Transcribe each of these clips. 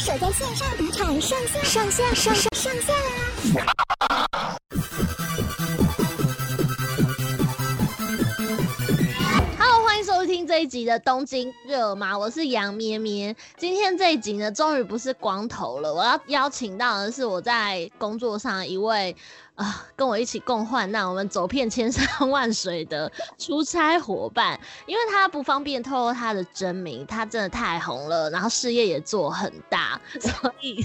守在線上賭場上下上下上下上,下上下啊 Hello, 歡迎收聽這一集的《東京熱嗎》，我是羊咩咩。今天這一集呢，終於不是光頭了。我要邀請到的是我在工作上一位，啊，跟我一起共患難，我們走遍千山萬水的出差夥伴，因為他不方便透露他的真名，他真的太紅了，然後事業也做很大，所以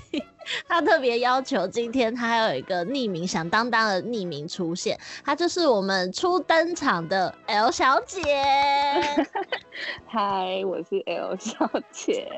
他特別要求今天他還有一個匿名響當當的匿名出現，他就是我們初登場的 L 小姐。嗨， 我是 L 小姐。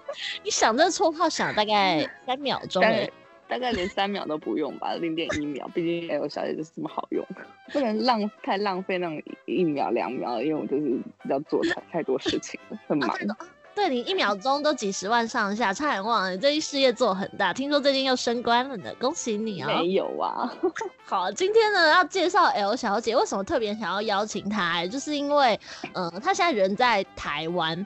你想這綽號想大概三秒鐘大概連三秒都不用吧，零點一秒。畢竟 L 小姐就是這麼好用，不能浪太浪費那種一秒兩秒，因為我就是要做太多事情，很忙的、啊。對，你一秒鐘都幾十萬上下，差點忘了，你這一事業做很大，聽說最近又升官了呢，恭喜你啊、喔！沒有啊， 好，今天呢要介紹 L 小姐，為什麼特別想要邀請她、欸，就是因為嗯、呃，她現在人在台灣。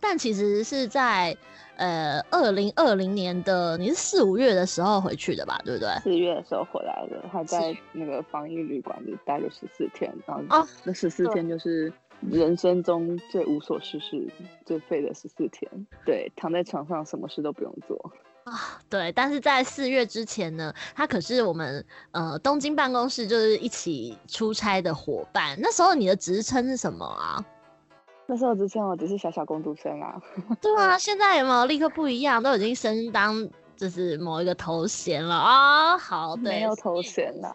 但其實是在，呃，二零二零年的你是四五月的時候回去的吧，對不對？四月的時候回來的，還在那個防疫旅館裡待了十四天，然後啊，那十四天就是人生中最無所事事、最廢的十四天。對，躺在床上，什麼事都不用做啊。對，但是在四月之前呢，他可是我們呃東京辦公室就是一起出差的伙伴。那時候你的職稱是什麼啊？那時候之前我只是小小公主車啊，對啊， 現在有沒有立刻不一樣？都已經升當就是某一個頭銜了啊，oh, 好，的，沒有頭銜了。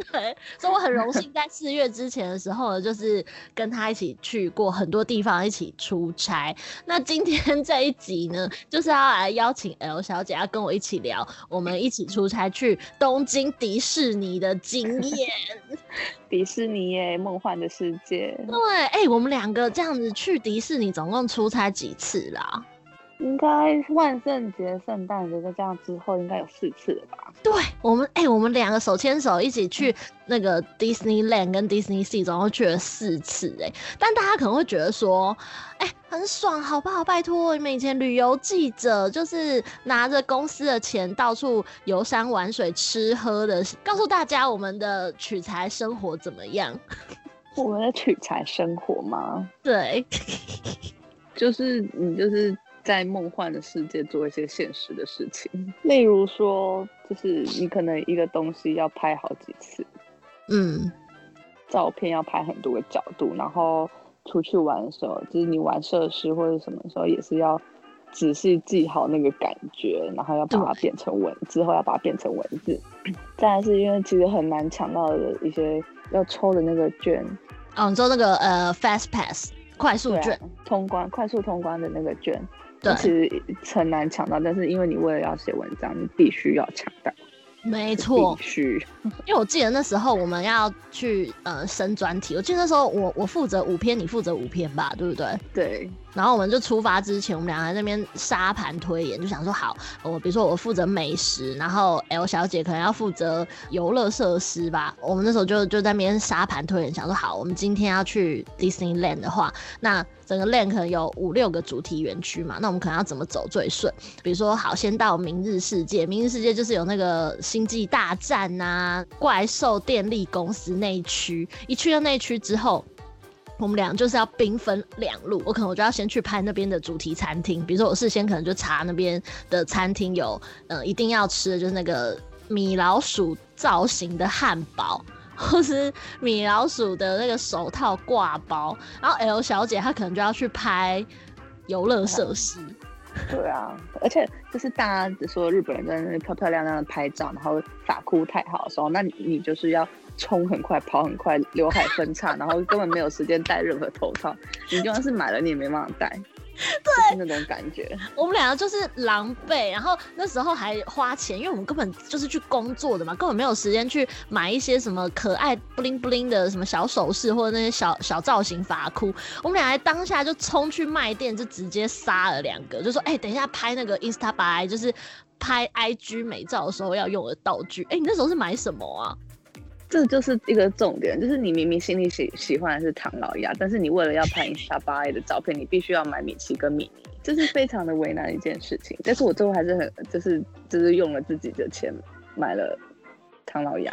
對，所以我很榮幸在四月之前的時候就是跟他一起去過很多地方，一起出差。那今天這一集呢，就是要來邀請 L 小姐要跟我一起聊我們一起出差去東京迪士尼的經驗。 迪士尼耶，夢幻的世界。對，哎、欸，我們兩個這樣子去迪士尼總共出差幾次啦？應該萬聖節、聖誕節在這樣之後，應該有四次了吧？對我們，哎、欸，我們兩個手牽手一起去那個 Disneyland 跟 Disney Sea 然後去了四次、欸。哎，但大家可能會覺得說，哎、欸，很爽，好不好？拜託，你們以前旅遊記者就是拿着公司的錢到處遊山玩水、吃喝的，告訴大家我們的取材生活怎麼樣？我們的取材生活嗎？對，就是你，就是。在夢幻的世界做一些現實的事情，例如說，就是你可能一個東西要拍好幾次，嗯，照片要拍很多個角度，然後出去玩的時候，就是你玩設施或者什麼時候也是要仔細記好那個感覺，然後要把它變成文，嗯、之後要把它變成文字。再是因為其實很難搶到的一些要抽的那個券，哦，你知道那個呃、uh,，Fast Pass 快速券，啊、通關、快速通關的那個券。其實很難搶到，但是因為你為了要寫文章，你必須要搶到。沒錯，必須。因為我記得那時候我們要去呃申專題，我記得那時候我我負責五篇，你負責五篇吧，對不對？對。然後我們就出發之前，我們兩個在那邊沙盤推演，就想說好，我比如說我負責美食，然後 L 小姐可能要負責遊樂設施吧。我們那時候就就在那邊沙盤推演，想說好，我們今天要去 Disneyland 的話，那整個 land 可能有五六個主題園區嘛，那我們可能要怎麼走最順？比如說好，先到明日世界，明日世界就是有那個星際大戰啊、怪獸電力公司那一區，一去到那一區之後。我們倆就是要兵分兩路，我可能我就要先去拍那邊的主題餐廳，比如說我事先可能就查那邊的餐廳有，嗯、呃，一定要吃的就是那個米老鼠造型的漢堡，或是米老鼠的那個手套掛包。然後 L 小姐她可能就要去拍遊樂設施啊。對啊，而且就是大家說日本人在那裡漂漂亮亮的拍照，然後打卡太好的時候，那你你就是要。衝很快，跑很快，劉海分叉，然後根本沒有時間戴任何頭套。 你就算是買了，你也沒辦法戴， 對就是那種感覺。我們兩個就是狼狽，然後那時候還花錢，因為我們根本就是去工作的嘛，根本沒有時間去買一些什麼可愛 bling bling 的什麼小首飾或者那些小小造型髮箍。我們倆個還當下就衝去賣店，就直接殺了兩個，就說：“哎、欸，等一下拍那個 Instagram，就是拍 IG 美照的時候要用的道具。欸”哎，你那時候是買什麼啊？這就是一個重點，就是你明明心裡喜喜歡的是唐老鴨，但是你為了要拍一下巴愛的照片，你必須要買米奇跟米妮，這是非常的為難一件事情。但是我最後還是很就是就是用了自己的錢買了唐老鴨。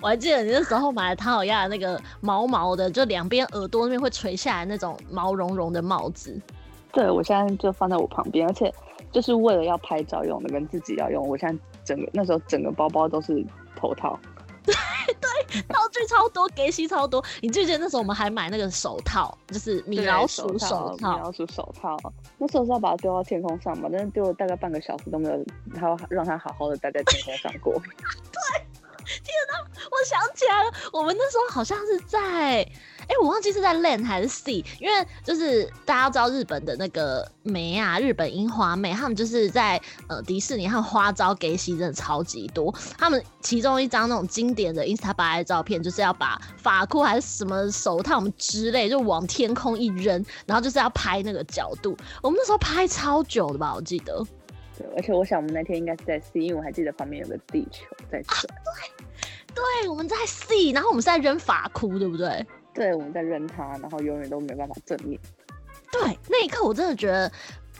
我還記得你那時候買了唐老鴨的那個毛毛的，就兩邊耳朵那邊會垂下來那種毛茸茸的帽子。對，我現在就放在我旁邊，而且就是為了要拍照用的，跟自己要用。我現在整個那時候整個包包都是頭套。 對，道具超多，給 戲超多。你記不記得那時候我們還買那個手套，就是米老鼠手套，手套米老鼠手套，那時候是要把它丟到天空上嘛？但是丟了大概半個小時都沒有，然後讓它好好的待在天空上過。 對，天哪，我想起來了，我們那時候好像是在。哎、欸，我忘記是在 land 還是 sea，因為就是大家知道日本的那個美啊，日本櫻花美，他們就是在呃迪士尼和，他們花招給戲真的超級多。他們其中一張那種經典的 Instagram 的照片，就是要把髮箍還是什麼手套什麼之類，就往天空一扔，然後就是要拍那個角度。我們那時候拍超久的吧，我記得。對，而且我想我們那天應該是在 sea，因為我還記得旁邊有個地球在轉，啊。對，對，我們在 sea，然後我們是在扔髮箍，對不對？對，我們在扔它，然後永遠都沒辦法正面。對，那一刻我真的覺得，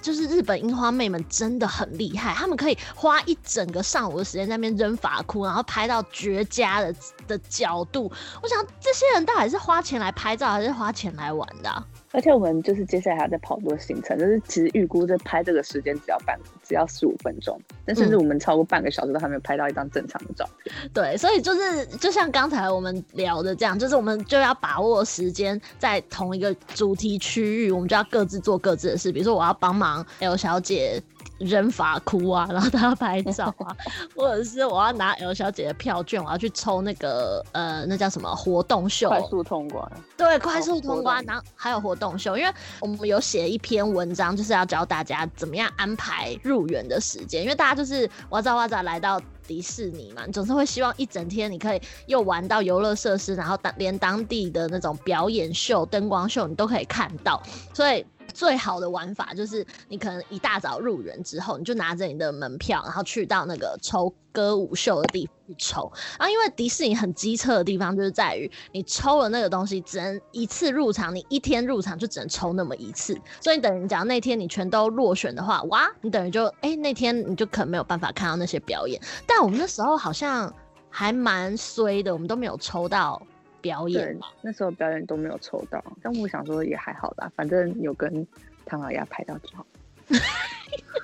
就是日本櫻花妹們真的很厲害，她們可以花一整個上午的時間在那邊扔髮箍，然後拍到絕佳的的角度。我想，這些人到底是花錢來拍照，還是花錢來玩的啊？而且我們就是接下來還要再跑多行程，就是其實預估這拍這個時間只要半，只要十五分鐘，但是我們超過半個小時都還沒有拍到一張正常的照片。片、嗯。對，所以就是就像剛才我們聊的這樣，就是我們就要把握時間，在同一個主題區域，我們就要各自做各自的事。比如說，我要幫忙 L 小姐。人髮箍啊，然後他要拍照啊， 或者是我要拿 L 小姐的票券，我要去抽那個呃，那叫什麼活動秀？快速通關。對，快速通關，然後還有活動秀，因為我們有寫一篇文章，就是要教大家怎麼樣安排入園的時間，因為大家就是哇扎哇扎來到迪士尼嘛，你總是會希望一整天你可以又玩到遊樂設施，然後當連當地的那種表演秀、燈光秀你都可以看到，所以。最好的玩法就是，你可能一大早入園之後，你就拿着你的門票，然後去到那個抽歌舞秀的地方去抽。然後，因為迪士尼很機車的地方就是在於，你抽了那個東西，只能一次入場，你一天入場就只能抽那麼一次。所以，等於講那天你全都落選的話，哇，你等於就哎、欸、那天你就可能沒有辦法看到那些表演。但我們那時候好像還蠻衰的，我們都沒有抽到。表演那時候表演都沒有抽到，但我想說也還好啦，反正有跟唐老鴨拍到就好。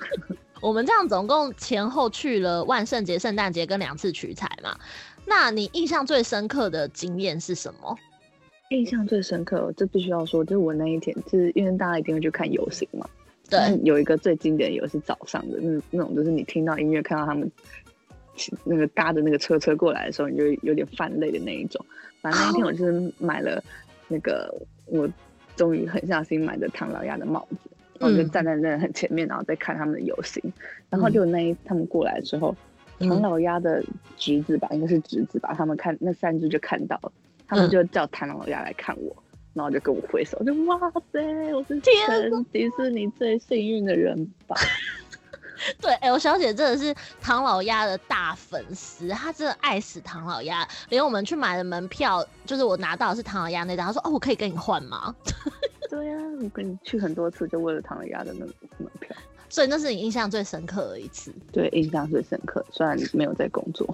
我們這樣總共前後去了萬聖節、聖誕節跟兩次取材嘛，那你印象最深刻的經驗是什麼？印象最深刻，這必須要說，就是我那一天，就是因為大家一定會去看遊行嘛，對，有一個最經典的遊戲是早上的那那種，就是你聽到音樂，看到他們。那個搭着那個車車過來的時候，你就有點泛淚的那一種。反正那一天，我就是買了那個，我終於狠下心買的唐老鴨的帽子，我、嗯、就站在那很前面，然後再看他們的遊行。然後就那一，嗯、他們過來之後、嗯，唐老鴨的侄子吧，應該是侄子吧，他們看那三只就看到了，他們就叫唐老鴨來看我，然後就跟我揮手，我就哇塞，我是天迪士尼最幸運的人吧。 對，哎、欸，L 小姐真的是唐老鴨的大粉絲，她真的愛死唐老鴨，連我們去買的門票，就是我拿到的是唐老鴨那張，她說，哦，我可以跟你換嗎？對呀、啊，我跟你去很多次，就為了唐老鴨的門門票，所以那是你印象最深刻的一次。對，印象最深刻，雖然沒有在工作。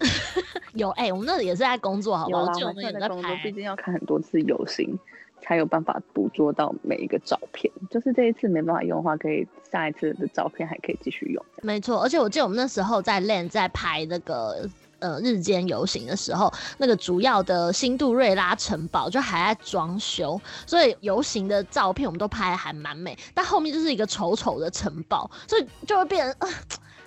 有哎、欸，我們那也是在工作，好不好？有我們在工作，畢竟要看很多次遊行。才有辦法捕捉到每一個照片，就是這一次沒辦法用的話，可以下一次的照片還可以繼續用。沒錯，而且我記得我們那時候在練在拍那個呃日間遊行的時候，那個主要的仙杜瑞拉城堡就還在裝修，所以遊行的照片我們都拍得還蠻美，但後面就是一個醜醜的城堡，所以就會變成。呵呵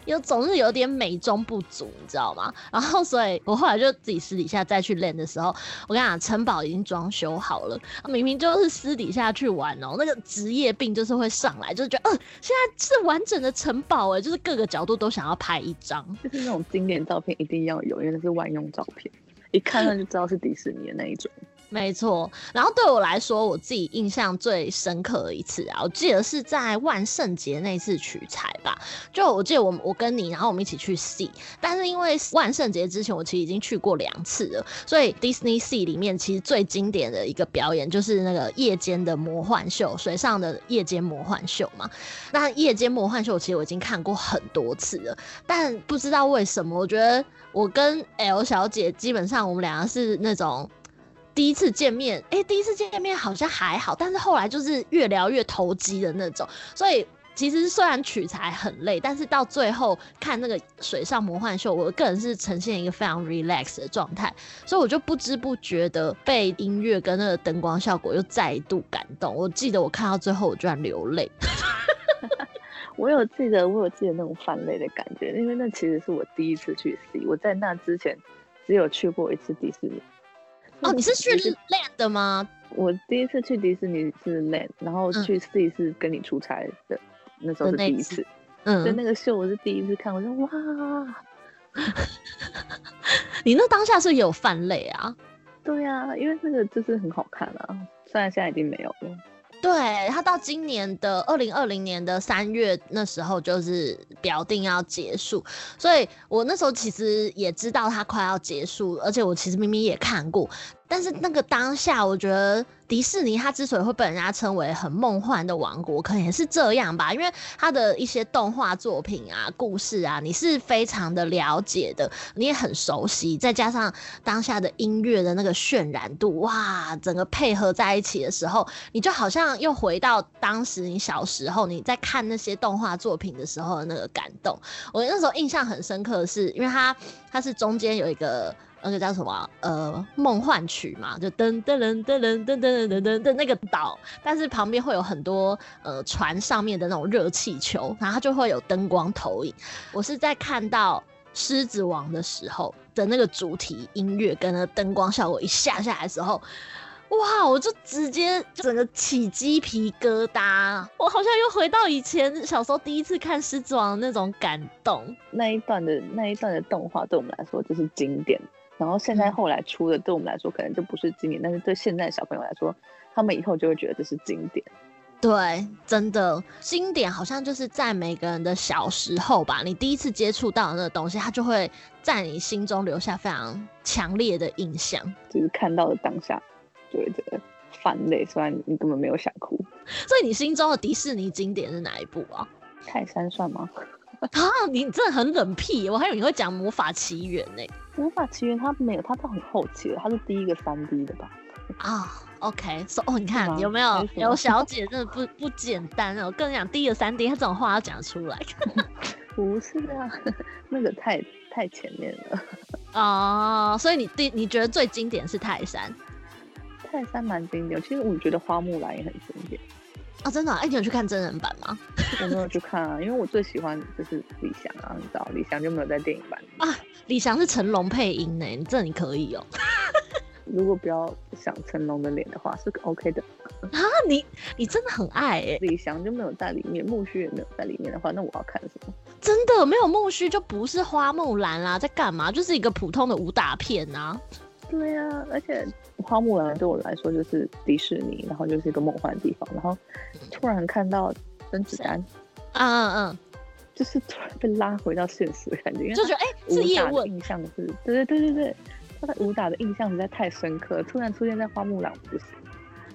有總是有點美中不足，你知道嗎？然後所以我後來就自己私底下再去練的時候，我跟你講，城堡已經裝修好了，明明就是私底下去玩哦、喔，那個職業病就是會上來，就是覺得，嗯、呃，現在是完整的城堡誒、欸，就是各個角度都想要拍一張，就是那種經典照片一定要有，因為那是萬用照片，一看上就知道是迪士尼的那一種。嗯。沒錯，然後對我來說，我自己印象最深刻的一次啊，我記得是在萬聖節那次取材吧。就我記得我我跟你，然後我們一起去 Sea，但是因為萬聖節之前我其實已經去過兩次了，所以 Disney Sea 裡面其實最經典的一個表演就是那個夜間的魔幻秀，水上的夜間魔幻秀嘛。那夜間魔幻秀其實我已經看過很多次了，但不知道為什麼，我覺得我跟 L 小姐基本上我們兩個是那種。第一次見面，哎、欸，第一次見面好像還好，但是後來就是越聊越投機的那種。所以其實雖然取材很累，但是到最後看那個水上魔幻秀，我個人是呈現一個非常 relax 的狀態，所以我就不知不覺的被音樂跟那個燈光效果又再度感動。我記得我看到最後，我居然流淚。 我有記得，我有記得那種泛淚的感覺，因為那其實是我第一次去 C，我在那之前只有去過一次迪士尼。哦，你是去 Land 的嗎？我第一次去迪士尼是 Land，然後去 Sea 是跟你出差的、嗯、那時候是第一次。嗯，對，那個秀我是第一次看，我說哇，你那當下是有泛淚啊？ 對呀、啊，因為那個就是很好看啊，雖然現在已經沒有了。對，他到今年的二零二零年的三月那時候，就是表定要結束，所以我那時候其實也知道他快要結束，而且我其實明明也看過。但是那個當下，我覺得迪士尼它之所以會被人家稱為很夢幻的王國，可能也是這樣吧，因為它的一些動畫作品啊、故事啊，你是非常的了解的，你也很熟悉，再加上當下的音樂的那個渲染度，哇，整個配合在一起的時候，你就好像又回到當時你小時候你在看那些動畫作品的時候的那個感動。我那時候印象很深刻的是，是因為它它是中間有一個。那個叫什麼、啊？呃，夢幻曲嘛，就噔噔噔噔噔噔噔噔噔的那個島，但是旁邊會有很多呃船上面的那種熱氣球，然後就會有燈光投影。我是在看到《獅子王》的時候的那個主題音樂跟那燈光效果一下下來的時候，哇！我就直接就整個起雞皮疙瘩，我好像又回到以前小時候第一次看《獅子王》的那種感動。那一段的那一段的動畫，對我們來說就是經典。然後現在後來出的，對我們來說可能就不是經典，嗯，但是對現在小朋友來說，他們以後就會覺得這是經典。對，真的經典好像就是在每個人的小時候吧，你第一次接觸到那個東西，它就會在你心中留下非常強烈的印象。就是看到了當下，就會覺得泛淚。雖然你根本沒有想哭。所以你心中的迪士尼經典是哪一部啊？泰山算嗎？啊，你真的很冷僻，我還以為你會講、欸《魔法奇緣》呢。《魔法奇緣》它沒有，它都很後期了，它是第一個三 D 的吧？啊、oh,，OK，so 哦，你看有沒有有小姐真的不不簡單哦，我跟你講 第一個三 D，她這種話要講出來， 不是啊，那個太太前面了哦，oh, 所以你第你覺得最經典是泰山，泰山蠻經典，其實我覺得花木蘭也很經典。啊，真的、啊！哎、欸，你有去看真人版嗎？我 沒有去看啊，因為我最喜歡的就是李翔啊，你知道李翔就沒有在電影版。啊，李翔是成龍配音呢，這你可以哦、喔。 如果不要想成龍的臉的話，是 OK 的。啊，你你真的很愛哎、欸，李翔就沒有在裡面，木須也沒有在裡面的話，那我要看什麼？真的沒有木須就不是花木蘭啦，啊，在幹嘛？就是一個普通的武打片啊。對呀、啊，而且花木蘭對我來說就是迪士尼，然後就是一個夢幻的地方。然後突然看到甄子丹，嗯嗯，嗯，就是突然被拉回到現實的感覺，就覺得哎，欸、武打印象是，對對對對對，他的武打的印象實在太深刻，突然出現在花木蘭不行，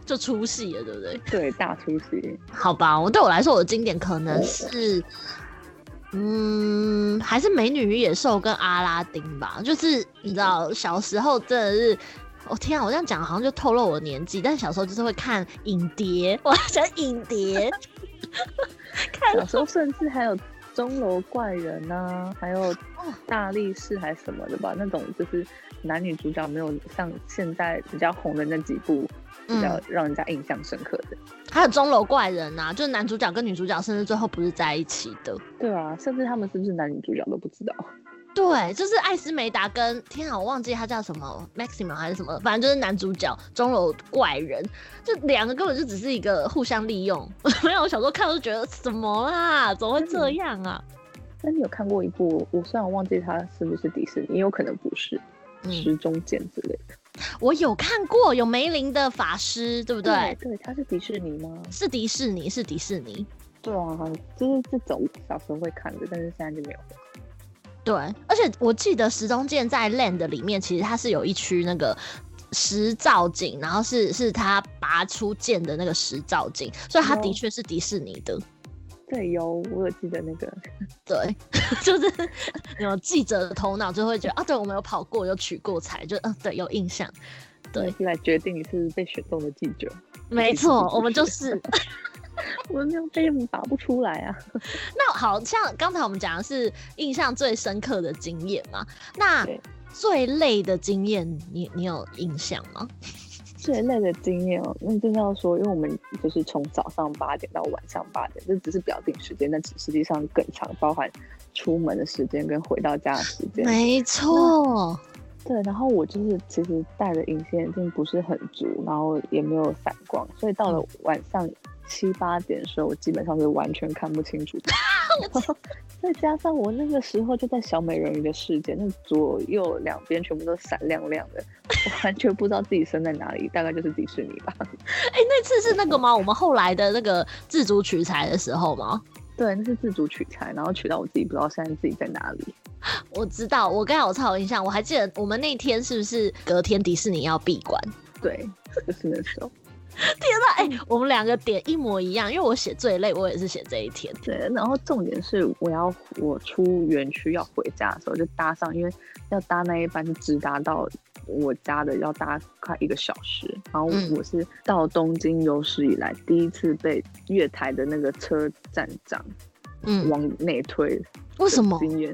就出戲了，對不對？對，大出戲。好吧，我對我來說我的經典可能是。嗯嗯，還是《美女與野獸》跟《阿拉丁》吧。就是你知道，小時候真的是，我、喔、天啊，我這樣講好像就透露我的年紀，但是小時候就是會看影碟，我想影碟。看 小時候甚至還有鐘樓怪人啊，還有大力士還是什麼的吧，那種就是男女主角沒有像現在比較紅的那幾部。比較讓人家印象深刻的，還、嗯、有鐘樓怪人吶、啊，就是男主角跟女主角，甚至最後不是在一起的。對啊，甚至他們是不是男女主角都不知道。對，就是艾斯梅達跟天啊，我忘記他叫什麼，Maximil 還是什麼，反正就是男主角鐘樓怪人，這兩個根本就只是一個互相利用。 沒有，我小時候看我就覺得什麼啦、啊？怎麼會這樣啊那？那你有看過一部？我雖然忘記他是不是迪士尼，也有可能不是，石中劍之類的。嗯我有看過有梅林的法師，對不對？對，對，他是迪士尼嗎？是，是迪士尼，是迪士尼。對啊，就是這種小時候會看的，但是現在就沒有了。對，而且我記得石中劍在 Land 裡面，其實它是有一區那個石造景，然後是是它拔出劍的那個石造景，所以它的確是迪士尼的。Oh. 對，有我有記得那個，對，就是有記者的頭腦就會覺得啊對，對，我們有跑過，有取過材，就嗯、呃，對，有印象，對，來決定你是被選中的記者。沒錯，我，我們就是， 我們沒有被你拔不出來啊。那好像剛才我們講的是印象最深刻的經驗嘛，那最累的經驗你，你你有印象嗎？最累的經驗哦，那、嗯、就是要說，因為我們就是從早上八點到晚上八點，這只是表定時間，但實際上更長，包含出門的時間跟回到家的時間。沒錯，對。然後我就是其實戴的隱形眼鏡不是很足，然後也沒有散光，所以到了晚上。嗯七八點的時候，我基本上是完全看不清楚的。 再加上我那個時候就在小美人魚的世界，那左右兩邊全部都閃亮亮的，我完全不知道自己身在哪裡， 大概就是迪士尼吧。哎、欸，那次是那個嗎？ 我們後來的那個自主取材的時候嗎？對，那是自主取材，然後取到我自己不知道現在自己在哪裡。我知道，我剛才有超印象，我還記得我們那天是不是隔天迪士尼要閉館？對，就是那時候。天吶，哎、欸，我們兩個點一模一樣，因為我寫最累，我也是寫這一天。對，然後重點是我要我出園區要回家的時候就搭上，因為要搭那一班就直達到我家的要搭快一個小時。然後我是到東京有史以來、嗯、第一次被月台的那個車站長往嗯往內推，為什麼？因為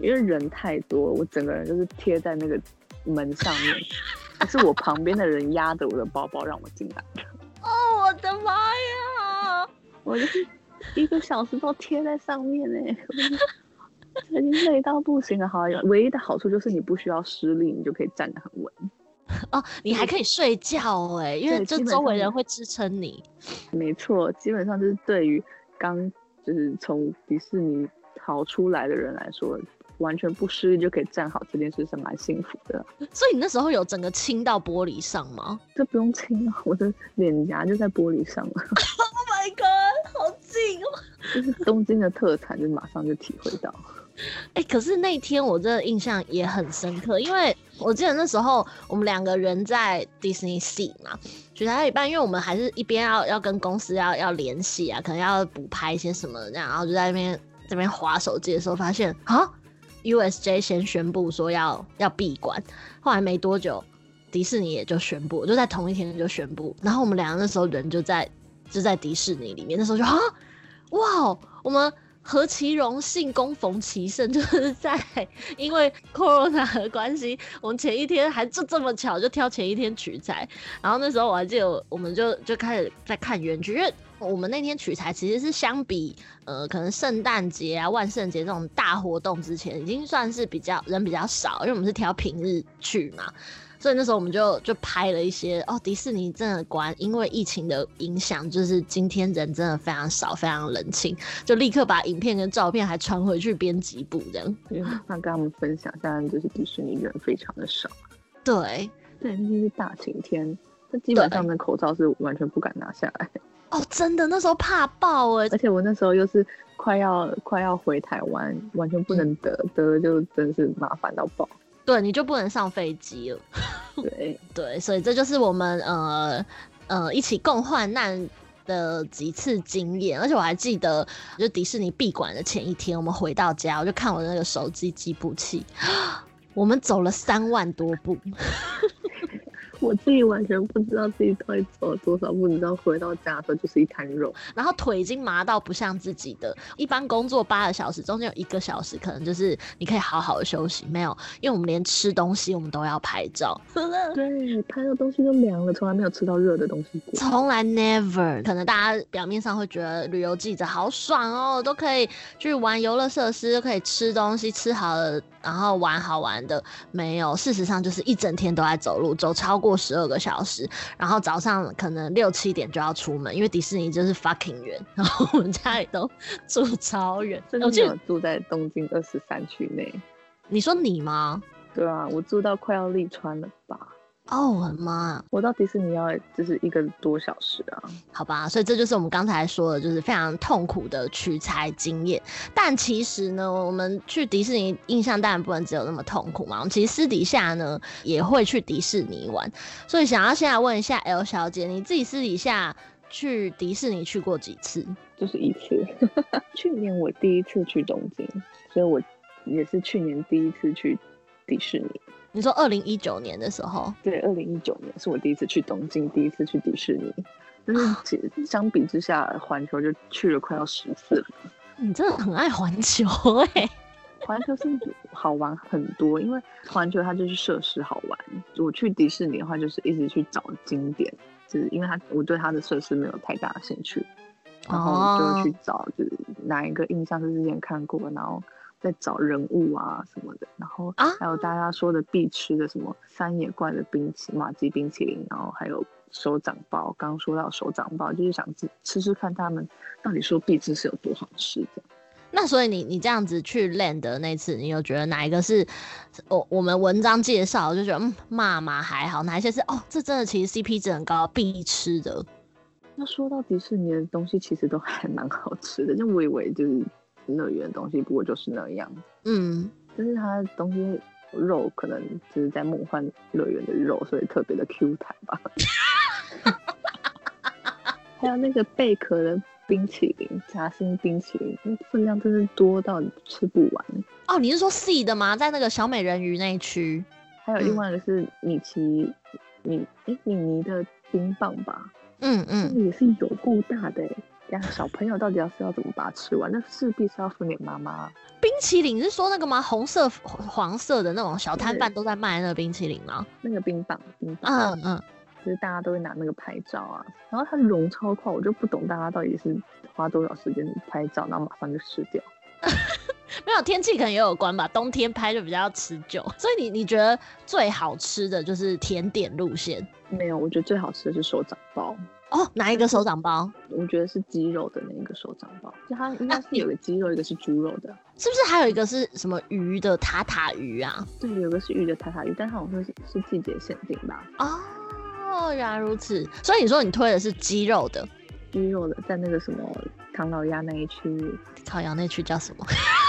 因為人太多，我整個人就是貼在那個門上面。 是我旁邊的人壓着我的包包讓我進來的。哦，我的媽呀！我就是一個小時都貼在上面哎， 累到不行了。好，唯一的好處就是你不需要施力，你就可以站得很穩。哦、oh，你還可以睡覺哎、欸，因為這周圍人會支撐你。沒錯，基本上就是對於剛就是從迪士尼逃出來的人來說。完全不失力，就可以站好，這件事是蠻幸福的，啊。所以你那時候有整個親到玻璃上嗎？這不用親，啊，我的臉頰就在玻璃上了。Oh my god，好近哦！就是，東京的特產就馬上就體會到。哎， 欸，可是那天我真的印象也很深刻，因為我記得那時候我們兩個人在 Disney Sea 嘛，取材一半，因為我們還是一邊要要跟公司要要聯繫啊，可能要補拍一些什麼這樣，然後就在那邊那邊滑手機的時候發現啊。USJ 先宣布說要要閉館，後來沒多久，迪士尼也就宣布，就在同一天就宣布。然後我們兩個那時候人就在就在迪士尼裡面，那時候就啊，哇，wow, 我們何其榮幸，恭逢其盛，就是在因為 Corona 的關係，我們前一天還就這麼巧就挑前一天取材。然後那時候我還記得，我們就就開始在看園區，因為。我們那天取材其實是相比，呃，可能聖誕節啊、萬聖節這種大活動之前，已經算是比較人比較少，因為我們是挑平日去嘛，所以那時候我們就就拍了一些哦，迪士尼真的關，因為疫情的影響，就是今天人真的非常少，非常冷清，就立刻把影片跟照片還傳回去編輯部這樣。那跟他們分享，現在就是迪士尼人非常的少。對對，那天是大晴天，但基本上的口罩是完全不敢拿下來。哦，真的，那時候怕爆哎、欸，而且我那時候又是快要快要回台灣，完全不能得，嗯、得就真的是麻煩到爆。對，你就不能上飛機了。對 對，所以這就是我們呃呃一起共患難的幾次經驗，而且我還記得，就迪士尼閉館的前一天，我們回到家，我就看我的那個手機計步器， 我們走了三萬多步。 我自己完全不知道自己到底走了多少步，你知道回到家的時候就是一灘肉，然後腿已經麻到不像自己的。一般工作八個小時，中間有一個小時可能就是你可以好好的休息，沒有，因為我們連吃東西我們都要拍照，呵呵，對，拍的東西都涼了，從來沒有吃到熱的東西過，從來 never。可能大家表面上會覺得旅遊記者好爽哦，都可以去玩遊樂設施，都可以吃東西，吃好了然後玩好玩的，沒有，事實上就是一整天都在走路，走超過十二個小時，然後早上可能六七點就要出門，因為迪士尼就是 fucking 遠。然後我們家裡都住超遠，真的沒有住在東京二十三區內。你說你嗎？對啊，我住到快要立川了吧？哦，我的媽！我到迪士尼要就是一個多小時啊，好吧，所以這就是我們剛才說的，就是非常痛苦的取材經驗。但其實呢，我們去迪士尼印象當然不能只有那麼痛苦嘛，我們其實私底下呢也會去迪士尼玩。所以想要先來問一下 L 小姐，你自己私底下去迪士尼去過幾次？就是一次。 去年我第一次去東京，所以我也是去年第一次去迪士尼。你說二零一九年的時候，對，二零一九年是我第一次去東京，第一次去迪士尼，但是其實相比之下，環球就去了快要十次了。你真的很愛環球哎、欸，環球是好玩很多， 因為環球它就是設施好玩。我去迪士尼的話，就是一直去找經典，就是因為它我對它的設施沒有太大的興趣，然後就去找就是哪一個印象是之前看過，然後。在找人物啊什麼的，然後還有大家說的必吃的什麼三眼怪的冰淇淋、麻吉冰淇淋，然後還有手掌包。剛說到手掌包，就是想吃吃看他們到底說必吃是有多好吃的。的那所以你你這樣子去 Land 的那次，你有覺得哪一個是我、哦、我們文章介紹就覺得嗯馬馬還好，哪一些是哦這真的其實 CP 值很高、啊、必吃的。那說到迪士尼的東西，其實都還蠻好吃的，我以微，微就是。樂園東西不過就是那樣，嗯，但是它的東西肉可能就是在夢幻樂園的肉，所以特別的 Q 彈吧。 還有那個貝殼的冰淇淋，夾心冰淇淋，份量真的多到吃不完。哦，你是說 C 的嗎？在那個小美人魚那一區。還有另外一個是米奇、米哎、欸、米妮的冰棒吧？嗯嗯，也是有夠大的、欸小朋友到底要是要怎麼把它吃完？那勢必是要分給媽媽。冰淇淋是說那個嗎？紅色、黃色的那種小攤販都在賣那個冰淇淋嗎？那個冰棒，冰棒。嗯嗯，就是大家都會拿那個拍照啊。然後它融超快，我就不懂大家到底是花多少時間拍照，然後馬上就吃掉。 沒有天氣可能也有關吧，冬天拍就比較持久。所以你你覺得最好吃的就是甜點路線、嗯？沒有，我覺得最好吃的是手掌包。哦，哪一個手掌包？就是、我覺得是雞肉的那個手掌包，就它應該是有個雞肉、啊，一個是豬肉的，是不是還有一個是什麼魚的塔塔魚啊？對，有個是魚的塔塔魚，但是好像是是季節限定吧？哦，原來如此。所以你說你推的是雞肉的，雞肉的，在那個什麼唐老鴨那一區，烤羊那區叫什麼？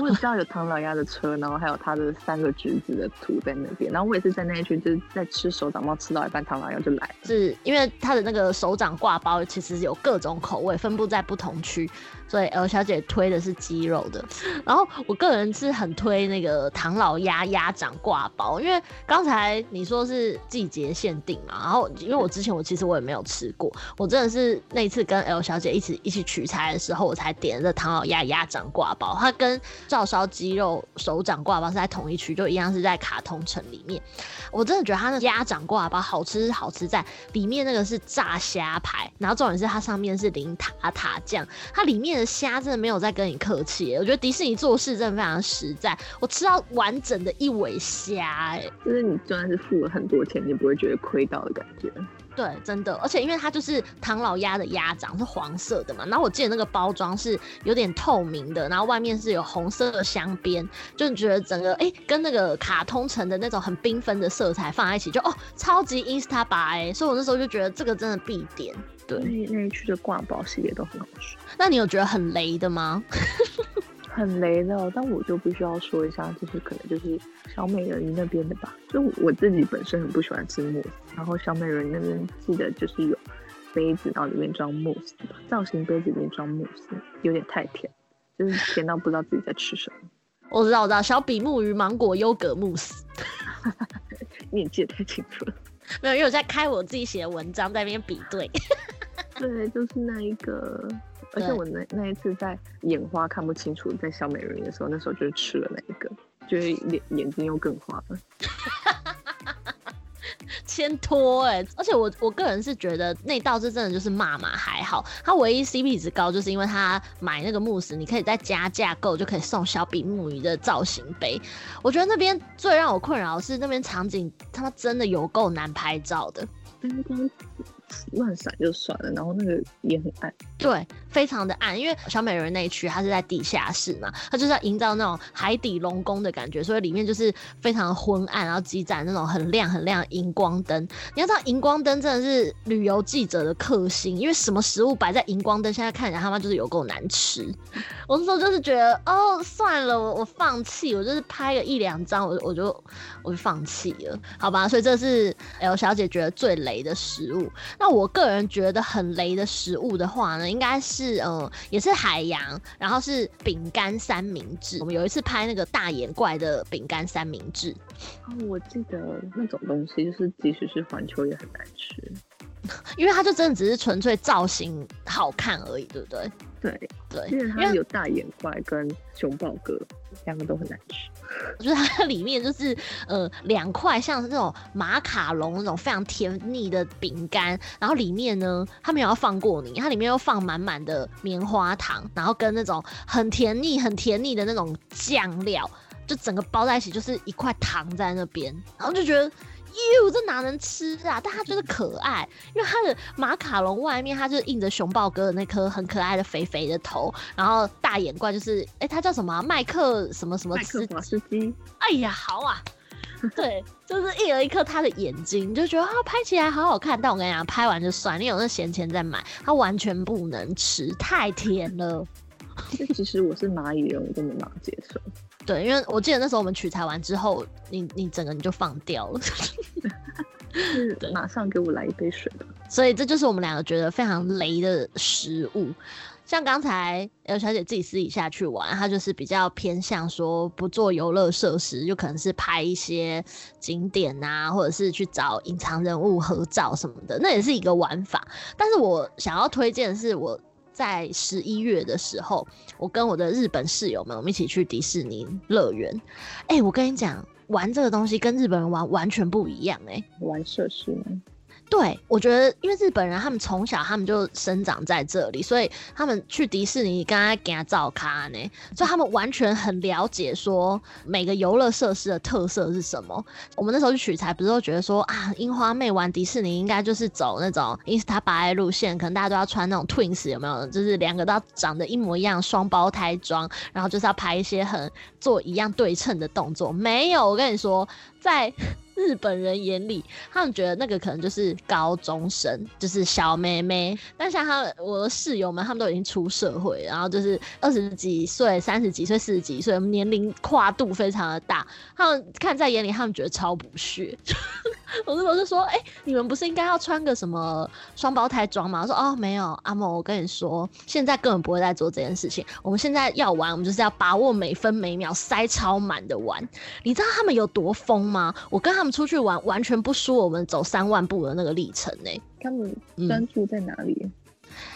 我有知道有唐老鴨的車，然後還有他的三個橘子的圖在那邊，然後我也是在那一區，就是在吃手掌包，吃到一半唐老鴨就來，是因為他的那個手掌掛包其實有各種口味，分布在不同區。所以 L 小姐推的是雞肉的，然後我個人是很推那個唐老鴨鴨掌掛包，因為剛才你說是季節限定嘛，然後因為我之前我其實我也沒有吃過，我真的是那次跟 L 小姐一起一起取材的時候，我才點的唐老鴨鴨掌掛包，它跟照燒雞肉手掌掛包是在同一區，就一樣是在卡通城裡面，我真的覺得它的鴨掌掛包好吃，是好吃在裡面那個是炸蝦排，然後重點是它上面是淋塔塔醬，它裡面。蝦真的沒有在跟你客氣，我覺得迪士尼做事真的非常的實在。我吃到完整的一尾蝦，哎，就是你雖然是付了很多錢，你不會覺得虧到的感覺。對，真的，而且因為它就是唐老鴨的鴨掌是黃色的嘛，然後我記得那個包裝是有點透明的，然後外面是有紅色的鑲邊，就覺得整個哎、欸、跟那個卡通城的那種很繽紛的色彩放在一起，就哦超級 ins 搭哎、欸，所以我那時候就覺得這個真的必點。那那一區的灌包系列都很好吃，那你有覺得很雷的嗎？ 很雷的，但我就必須要說一下，就是可能就是小美人魚那邊的吧。就我自己本身很不喜歡吃慕斯，然後小美人魚那邊記得就是有杯子，然後裡面裝慕斯吧，造型杯子裡面裝慕斯，有點太甜，就是甜到不知道自己在吃什麼。 我知道，我知道小比目魚芒果優格慕斯，你也 記得太清楚了，沒有，因為我在開我自己寫的文章，在那邊比對。 對，就是那一個，而且我那那一次在眼花看不清楚，在小美人魚的時候，那時候就是吃了那一個，就是眼眼睛又更花了。簽 托哎，欸，而且我我個人是覺得那道是真的就是罵嘛還好，它唯一 CP 值高，就是因為它買那個慕斯，你可以再加價購就可以送小比目魚的造型杯。我覺得那邊最讓我困擾的是那邊場景，他媽真的有夠難拍照的。嗯嗯嗯亂閃就算了，然後那個也很暗，對，非常的暗，因為小美人那一區它是在地下室嘛，它就是要營造那種海底龍宮的感覺，所以裡面就是非常昏暗，然後幾盞那種很亮很亮熒光燈。你要知道，熒光燈真的是旅遊記者的克星，因為什麼食物擺在熒光燈下，現在看起來他媽就是有夠難吃。我是說，就是覺得哦，算了，我我放棄，我就是拍個一兩張，我我就我就放棄了，好吧？所以這是 L 小姐覺得最雷的食物。那我個人覺得很雷的食物的話呢，應該是嗯、呃，也是海洋，然後是餅乾三明治。我們有一次拍那個大眼怪的餅乾三明治。哦，我記得那種東西，就是即使是環球也很難吃。 因為它就真的只是純粹造型好看而已，對不對？對對，因為有大眼怪跟熊抱哥，兩個都很難吃。我覺得它裡面就是呃兩塊像是那種馬卡龍那種非常甜膩的餅乾，然後裡面呢，它沒有要放過你，它裡面又放滿滿的棉花糖，然後跟那種很甜膩、很甜膩的那種醬料，就整個包在一起，就是一塊糖在那邊，然後就覺得。喲，這哪能吃啊？但他覺得可愛，因為他的馬卡龍外面，它就印着熊抱哥的那顆很可愛的肥肥的頭，然後大眼怪就是，哎、欸，他叫什麼、啊？麥克什麼什麼吃？斯基？哎呀，好啊， 對，就是一人一顆他的眼睛，就覺得啊、哦，拍起來好好看。但我跟你講，拍完就算，你有那閒錢再買，他完全不能吃，太甜了。 其實我是螞蟻人，我都沒辦法接受。對，因為我記得那時候我們取材完之後，你你整個你就放掉了， 是馬上給我來一杯水的。所以這就是我們兩個覺得非常雷的食物。像剛才 L 小姐自己私底下去玩，她就是比較偏向說不做遊樂設施，就可能是拍一些景點啊，或者是去找隱藏人物合照什麼的，那也是一個玩法。但是我想要推薦的是我。在十一月的時候，我跟我的日本室友們，我們一起去迪士尼樂園。哎、欸，我跟你講，玩這個東西跟日本人玩完全不一樣、欸。哎，玩設施。對，我覺得因為日本人他們從小他們就生長在這裡，所以他們去迪士尼剛他給他照咖呢，所以他們完全很了解說每個遊樂設施的特色是什麼。我們那時候去取材不是都覺得說啊，櫻花妹玩迪士尼應該就是走那種 Instagrammable 路線，可能大家都要穿那種 twins 有沒有？就是兩個都要長得一模一樣雙胞胎裝，然後就是要拍一些很做一樣對稱的動作。沒有，我跟你說在。日本人眼裡，他們覺得那個可能就是高中生，就是小妹妹。但像他們，我的室友們，他們都已經出社會，然後就是二十幾歲、三十幾歲、四十幾歲，年齡跨度非常的大。他們看在眼裡，他們覺得超不屑。 我就說，哎、欸，你們不是應該要穿個什麼雙胞胎裝嗎？我說，哦，沒有。阿莫，我跟你說，現在根本不會再做這件事情。我們現在要玩，我們就是要把握每分每秒，塞超滿的玩。你知道他們有多瘋嗎？我跟他們。出去玩完全不輸我們走三萬步的那個歷程呢。他們專注在哪裡？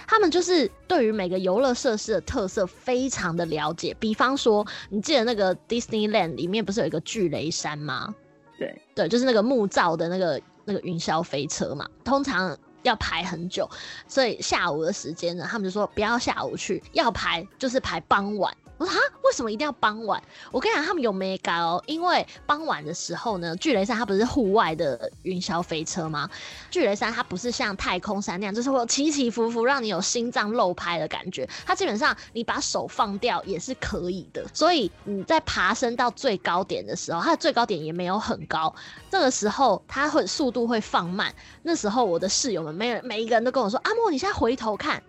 他們就是對於每個遊樂設施的特色非常的了解。比方說，你記得那個 Disneyland 裡面不是有一個巨雷山嗎？對對，就是那個木造的那個那個雲霄飛車嘛，通常要排很久，所以下午的時間呢，他們就說不要下午去，要排就是排傍晚。我說啊，為什麼一定要傍晚？我跟你講，他們有沒搞哦？因為傍晚的時候呢，巨雷山它不是戶外的雲霄飛車嗎？巨雷山它不是像太空山那樣，就是會有起起伏伏，讓你有心臟漏拍的感覺。它基本上你把手放掉也是可以的。所以你在爬升到最高點的時候，它的最高點也沒有很高。這個時候它會速度會放慢。那時候我的室友們，每每一個人都跟我說：“阿莫，你現在回頭看。”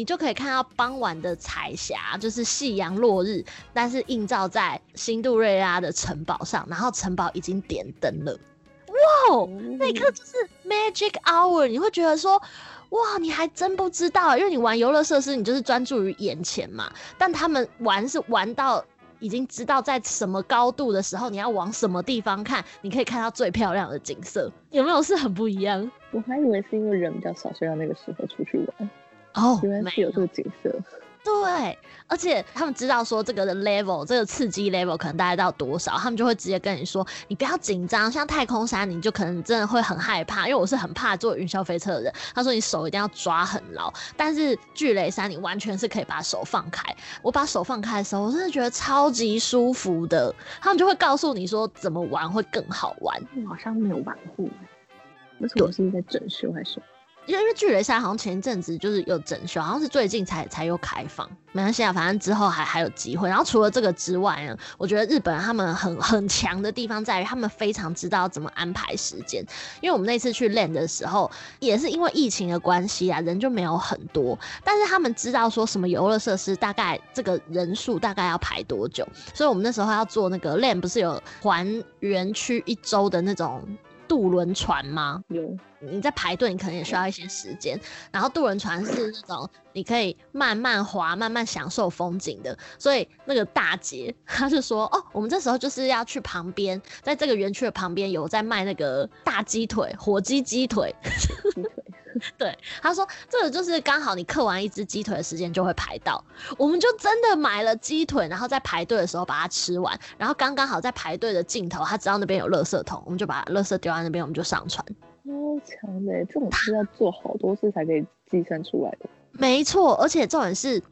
你就可以看到傍晚的彩霞，就是夕陽落日，但是映照在仙杜瑞拉的城堡上，然後城堡已經點燈了，哇，那個就是 magic hour，你會覺得說，哇，你還真不知道欸，因為你玩遊樂設施，你就是專注於眼前嘛，但他們玩是玩到已經知道在什麼高度的時候，你要往什麼地方看，你可以看到最漂亮的景色，有沒有是很不一樣？我還以為是因為人比較少，所以要那個時候出去玩。哦，oh，原來是有這個景色。對，而且他們知道說這個 level，這個刺激 level 可能大概到多少，他們就會直接跟你說，你不要緊張。像太空山，你就可能真的會很害怕，因為我是很怕坐雲霄飛車的人。他說你手一定要抓很牢，但是巨雷山你完全是可以把手放開。我把手放開的時候，我真的覺得超級舒服的。他們就會告訴你說怎麼玩會更好玩。好像沒有玩過，而且我是在整修還是？因為因為巨雷山好像前一陣子就是有整修，好像是最近才才又開放。沒關係啊，反正之後還還有機會。然後除了這個之外呢，我覺得日本他們很很強的地方在於他們非常知道怎麼安排時間。因為我們那次去 Land 的時候，也是因為疫情的關係啊，人就沒有很多。但是他們知道說什麼遊樂設施大概這個人數大概要排多久，所以我們那時候要坐那個 Land 不是有環園區一周的那種渡輪船嗎？有。你在排隊，你可能也需要一些時間。然後渡人船是那種你可以慢慢划、慢慢享受風景的。所以那個大姐他就說：“哦，我們這時候就是要去旁邊，在這個園區的旁邊有在賣那個大雞腿、火雞雞腿。 ”對，他說這個就是剛好你刻完一隻雞腿的時間就會排到。我們就真的買了雞腿，然後在排隊的時候把它吃完。然後剛剛好在排隊的盡頭，他知道那邊有垃圾桶，我們就把垃圾丟在那邊，我們就上船。超、哦、強的，這種是要做好多次才可以計算出來的。沒錯，而且重點是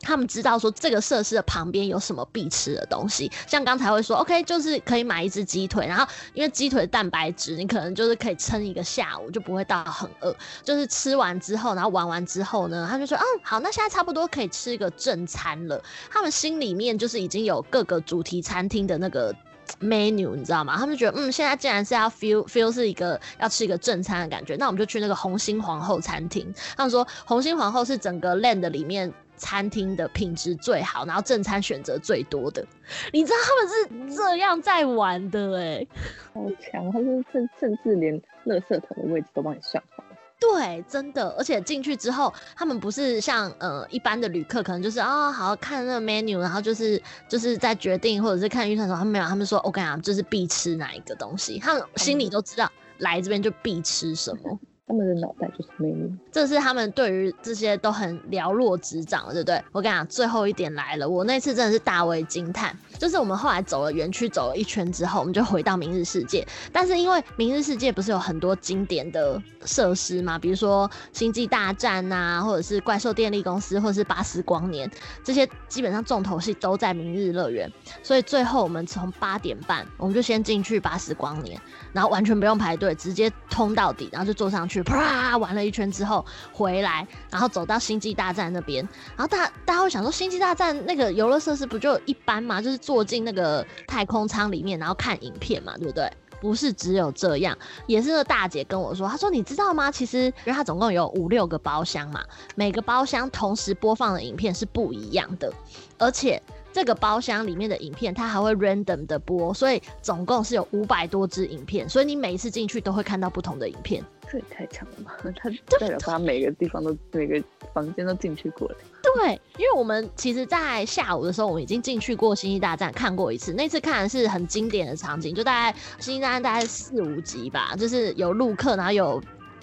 他們知道說這個設施的旁邊有什麼必吃的東西，像剛才會說，OK，就是可以買一只雞腿，然後因為雞腿的蛋白質，你可能就是可以撐一個下午，就不會到很餓。就是吃完之後，然後玩完之後呢，他們就說，嗯、啊，好，那現在差不多可以吃一個正餐了。他們心裡面就是已經有各個主題餐廳的那個。menu，你知道嗎？他們就覺得，嗯，現在既然是要 feel feel 是一個要吃一個正餐的感覺，那我們就去那個紅心皇后餐廳。他們說，紅心皇後是整個 land 裡面餐廳的品質最好，然後正餐選擇最多的。你知道他們是這樣在玩的哎、欸，好強！他們甚甚至連樂色桶的位置都幫你想好。對，真的，而且進去之後，他們不是像呃一般的旅客，可能就是啊、哦，好好看那個 menu，然後就是就是在決定，或者是看預算的時候，他們沒有，他們說我跟你講，就是必吃哪一個東西，他們心裡都知道來這邊就必吃什麼，他們的腦袋就是 menu，這是他們對於這些都很瞭若指掌，對不對？我跟你講，最後一點來了，我那次真的是大為驚嘆。就是我們後來走了園區走了一圈之後，我們就回到明日世界。但是因為明日世界不是有很多經典的設施嘛，比如說星際大戰啊，或者是怪獸電力公司，或者是巴斯光年，這些基本上重頭戲都在明日樂園。所以最後我們從八點半，我們就先進去巴斯光年，然後完全不用排隊，直接通到底，然後就坐上去，啪玩了一圈之後回來，然後走到星際大戰那邊。然後大家大家會想說，星際大戰那個遊樂設施不就一般嘛，就是。坐進那個太空艙裡面，然後看影片嘛，對不對？不是只有這樣，也是那大姐跟我說，她說你知道嗎？其實，因為它總共有五六個包廂嘛，每個包廂同時播放的影片是不一樣的，而且。這個包廂裡面的影片，它還會 random 的播，所以總共是有五百多支影片，所以你每一次進去都會看到不同的影片。這也太強了吧！它代表把每個地方都每個房間都進去過了。對，因為我們其實，在下午的時候，我們已經進去過《星際大戰》看過一次，那次看的是很經典的場景，就大概《星際大戰》大概四五集吧，就是有路克然後有。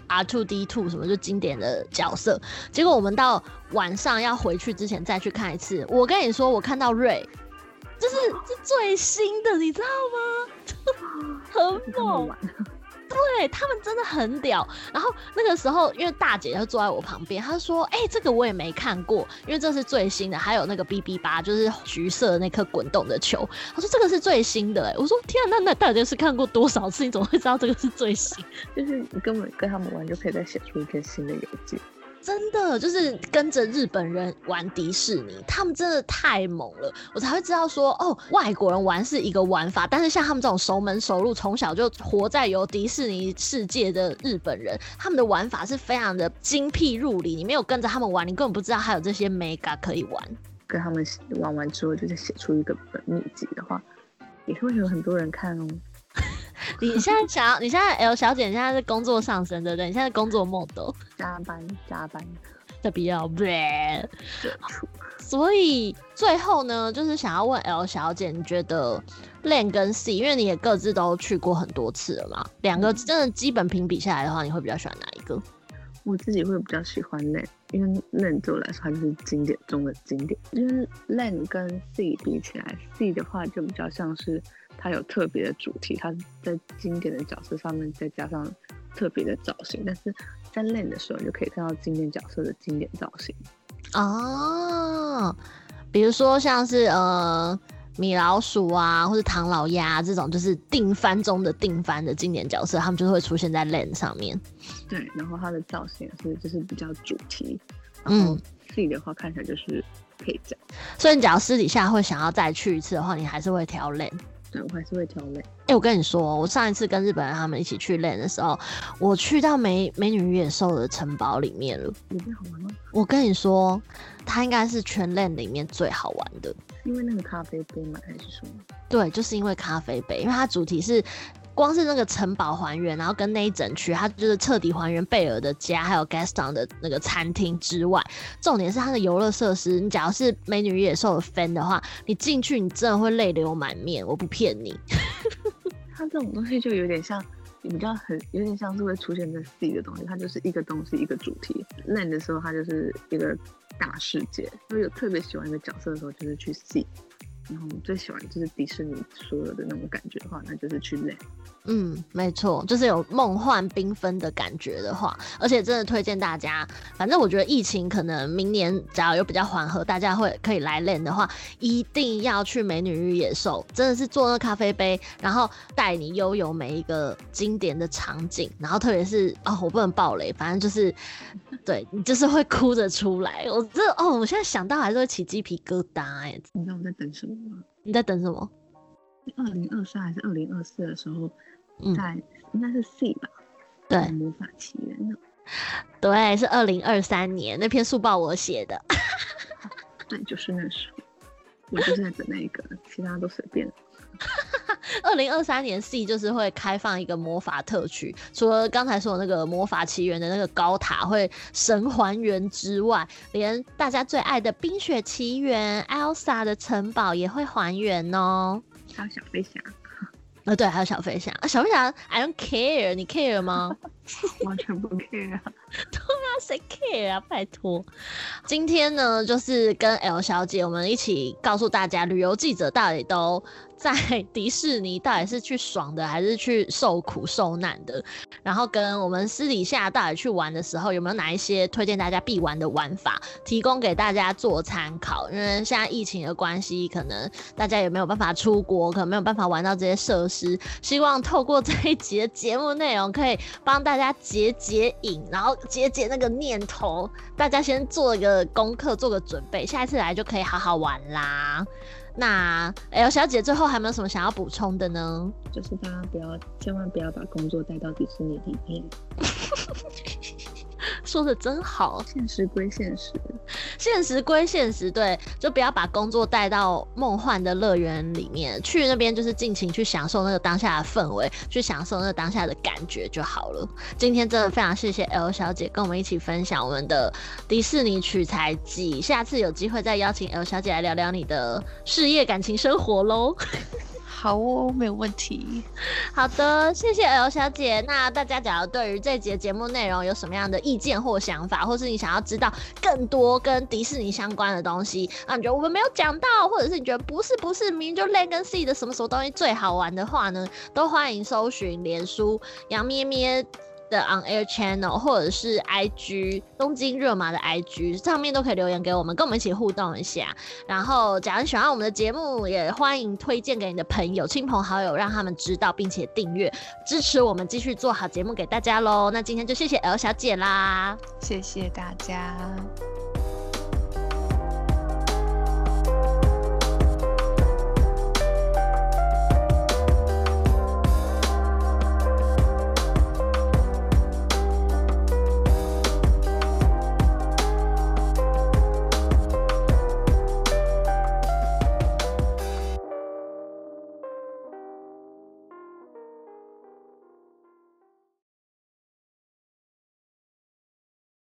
R two D two 什麼，就經典的角色。結果我們到晚上要回去之前再去看一次。我跟你說，我看到 Rey，這是最新的，你知道嗎？ 很猛。對他們真的很屌。然後那個時候，因為大姐就坐在我旁邊，她說：“哎、欸，這個我也沒看過，因為這是最新的。”還有那個 BB8，就是橘色的那顆滾動的球，她說這個是最新的、欸。我說：“天啊，那那大姐是看過多少次？你怎麼會知道這個是最新？就是你根本跟他們玩就可以再寫出一篇新的遊記。”真的就是跟着日本人玩迪士尼，他們真的太猛了，我才會知道說哦，外國人玩是一個玩法，但是像他們這種熟門熟路，從小就活在有迪士尼世界的日本人，他們的玩法是非常的精闢入理。你沒有跟着他們玩，你根本不知道還有這些 Mega 可以玩。跟他們玩完之後，就是寫出一個本秘籍的話，也會有很多人看哦。 你現在想要？你現在 L 小姐你現在是工作上升，對不對？你現在是工作 mode 加班加班，特別要 對。所以最後呢，就是想要問 L 小姐，你覺得 Land 跟 C，因為你也各自都去過很多次了嘛，兩個真的基本評比下來的話，你會比較喜歡哪一個？我自己會比較喜歡 Land 因為 Land 就對我來說是經典中的經典。因為 Land 跟 C 比起來，C 的話就比較像是。它有特別的主題，它在經典的角色上面再加上特別的造型，但是在 Land 的時候，你就可以看到經典角色的經典造型啊，比如說像是呃米老鼠啊，或者唐老鴨啊，這種，就是定番中的定番的經典角色，他們就會出現在 Land 上面。對，然後它的造型也是就是比較主題，然後 C 的話嗯，自己的話看起來就是可以這樣，所以你只要私底下會想要再去一次的話，你還是會挑 Land 我還是會跳累，欸。我跟你說，我上一次跟日本人他們一起去 Land 的時候，我去到美美女與野獸的城堡裡面了。裡面好玩嗎？我跟你說，它應該是全 Land 裡面最好玩的。因為那個咖啡杯嘛，還是什麼？對，就是因為咖啡杯，因為它主題是。光是那個城堡還原，然後跟那一整區，它就是徹底還原貝爾的家，還有 Gaston 的那個餐廳之外，重點是它的遊樂設施。你假如是美女與野獸的 fan 的話，你進去你真的會淚流滿面，我不騙你。 它這種東西就有點像，比較很有點像是會出現在 C 的東西，它就是一個東西一個主題。那 N 的時候它就是一個大世界，所以有特別喜歡的角色的時候，就是去 C。然後最喜歡就是迪士尼所有的那種感覺的話，那就是去 Land。嗯，沒錯，就是有夢幻繽紛的感覺的話，而且真的推薦大家。反正我覺得疫情可能明年，只要有比較緩和，大家會可以來 Land 的話，一定要去美女與野獸，真的是坐那咖啡杯，然後帶你悠遊每一個經典的場景。然後特別是啊，哦，我不能爆雷，反正就是，對，你就是會哭着出來。我這哦，我現在想到還是會起雞皮疙瘩。哎，你知道我在等什麼？你在等什麼？是二零二三還是二零二四的時候，嗯、在應該是 C 吧？對，《魔法奇緣》，對，是二零二三年那篇速報我寫的，對，是 就是那時候，我就是在等那個， 其他都隨便。二零二三年 C 就是會開放一個魔法特區，除了剛才說的那個《魔法奇緣》的那個高塔會神還原之外，連大家最愛的《冰雪奇緣》Elsa 的城堡也會還原哦。還有小飛俠，呃，對，還有小飛俠。啊，小飛俠，I don't care，你 care 嗎？ 完全不 care，對啊，誰 care 啊？拜託，今天呢，就是跟 L 小姐我們一起告訴大家，旅遊記者到底都在迪士尼到底是去爽的，還是去受苦受難的？然後跟我們私底下到底去玩的時候，有沒有哪一些推薦大家必玩的玩法，提供給大家做參考。因為現在疫情的關係，可能大家也沒有辦法出國，可能沒有辦法玩到這些設施。希望透過這一集的節目內容，可以幫大。大家解解癮，然後解解那個念頭。大家先做一個功課，做個準備，下一次來就可以好好玩啦。那 L 小姐最後還有沒有什麼想要補充的呢？就是大家不要，千萬不要把工作帶到迪士尼裡面。 說得真好，現實歸現實，現實歸現實，對，就不要把工作帶到夢幻的樂園裡面去，那邊就是盡情去享受那個當下的氛圍，去享受那個當下的感覺就好了。今天真的非常謝謝 L 小姐跟我們一起分享我們的迪士尼取材記，下次有機會再邀請 L 小姐來聊聊你的事業、感情、生活嘍。好哦，沒有問題。好的，謝謝 L 小姐。那大家假如對於這集節目內容有什麼樣的意見或想法，或是你想要知道更多跟迪士尼相關的東西，啊，你覺得我們沒有講到，或者是你覺得不是不是明明就 Land 跟 Sea 的什麼什麼東西最好玩的話呢，都歡迎搜尋臉書、羊咩咩。的 On Air Channel 或者是 IG 東京熱嗎的 IG 上面都可以留言給我們，跟我們一起互動一下。然後，假如喜歡我們的節目，也歡迎推薦給你的朋友、親朋好友，讓他們知道並且訂閱支持我們，繼續做好節目給大家嘍。那今天就謝謝 L 小姐啦，謝謝大家。